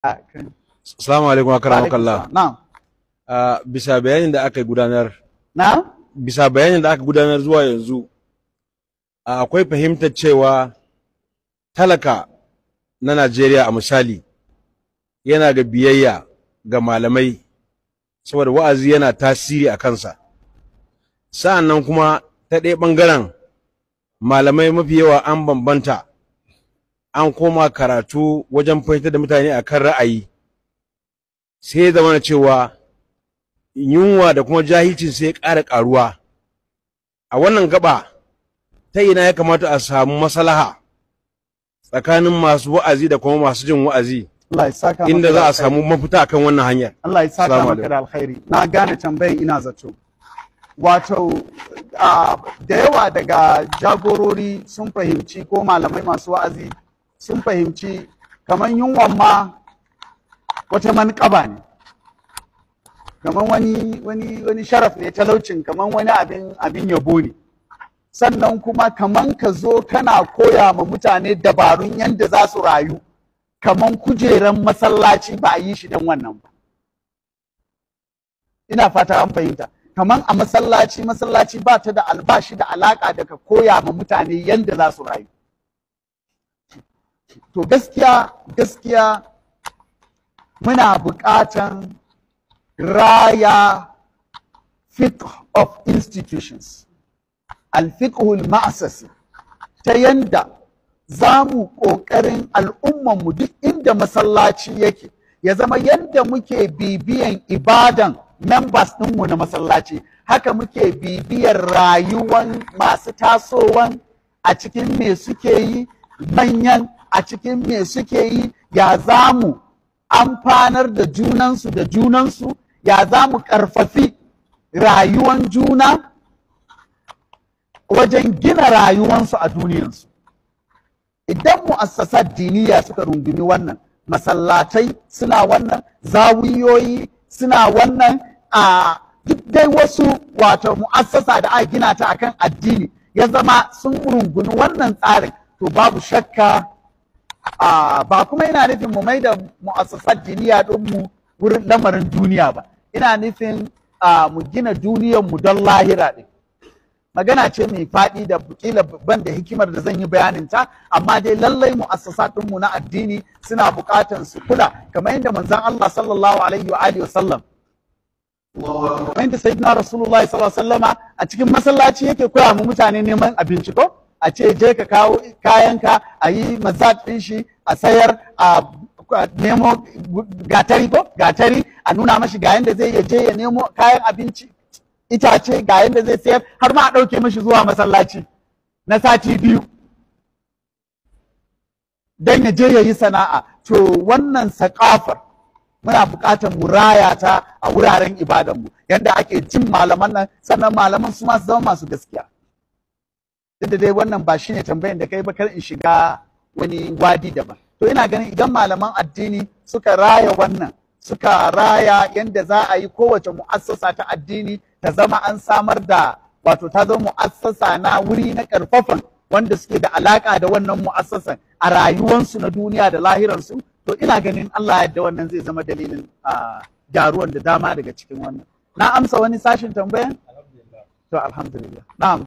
Assalamu alaikum akaramu kallah. Na'am. Ah, bisa bayanin da aka gudanar. Na'am. Bisa bayanin da aka gudanar zuwa yanzu ah, akwai fahimtar cewa talaka na Najeriya a misali yana ga biyayya ga malamai saboda wa'azi yana tasiri a kansa. Sa'an nan kuma ta ɗaya ɓangaren malamai mafi yawa an bambanta an koma karatu wajen fahimtar da mutane akan ra'ayi sai zama cewa yunwa da kuma jahilcin sai ƙara ƙaruwa a wannan gaba ta ina ya kamata a samu masalaha tsakanin masu wa'azi da kuma masu jin wa'azi inda za a samu mafita akan wannan hanyar Allah ya saka maka da alkhairi na gane tambayin ina zato wato ah, da yawa daga jagorori sun fahimci ko malamai masu wa'azi sun fahimci kamar yunwan ma wata manƙaba ne kamar wani sharaf ne talaucin kamar wani abin abin yabo ne sannan kuma kamar ka zo kana koya ma mutane dabarun yadda za su rayu kamar kujeran masallaci ba a yi shi don wannan ba ina fata an fahimta kamar a masallaci masallaci ba ta da albashi da alaka daga koya ma mutane yadda za su rayu to gaskiya gaskiya muna buƙatan raya fiqh of institutions alfiqhul ma'asasi ta yanda za mu ƙoƙarin al'ummanmu duk inda masallaci yake ya zama yanda muke bibiyan ibadan members ɗinmu na masallaci haka muke bibiyar rayuwan masu tasowan a cikin me suke yi manyan a cikin me suke yi ya za mu amfanar da junansu da junansu ya za mu ƙarfafi rayuwan juna wajen gina rayuwansu a duniyansu idan mu'assasar diniya suka rungumi wannan masallatai suna wannan zawiyoyi suna wannan a duk dai wasu wato mu'assasa da aka gina ta akan addini ya zama sun rungumi wannan tsarin to babu shakka ba kuma ina nufin mu maida mu'assasar diniya din mu wurin lamarin duniya ba ina nufin mu gina duniyar mu don lahira din magana ce mai faɗi da kila babban da hikimar da zan yi bayanin ta amma dai lallai din mu na addini suna buƙatar su kula kamar yadda manzon Allah sallallahu alaihi wa alihi wasallam kamar yadda sayyidina rasulullahi sallallahu alaihi wasallama a cikin masallaci yake koya mu mutane neman abinci ko a ce je ka kawo kayanka a yi mazat ɗin shi a sayar a nemo gatari ko gatari a nuna mashi ga yanda zai je ya nemo kayan abinci itace ga yanda zai sayar har ma a ɗauke mashi zuwa masallaci na sati biyu don ya je ya yi sana'a to wannan sakafar muna buƙatar mu raya ta a wuraren ibadanmu yadda ake jin malaman nan sannan malaman su masu zama masu gaskiya duk da dai wannan ba shine tambayan da kai bakar in shiga wani wadi daban to ina ganin idan malaman addini suka raya wannan suka raya yadda za a yi kowace mu'assasa ta addini ta zama an samar da wato ta zama mu'assasa na wuri na karfafan wanda suke da alaka da wannan mu'assasan a rayuwansu na duniya da lahiransu to ina ganin Allah yadda wannan zai zama dalilin gyaruwan da dama daga cikin wannan na amsa wani sashin tambayan to alhamdulillah na'am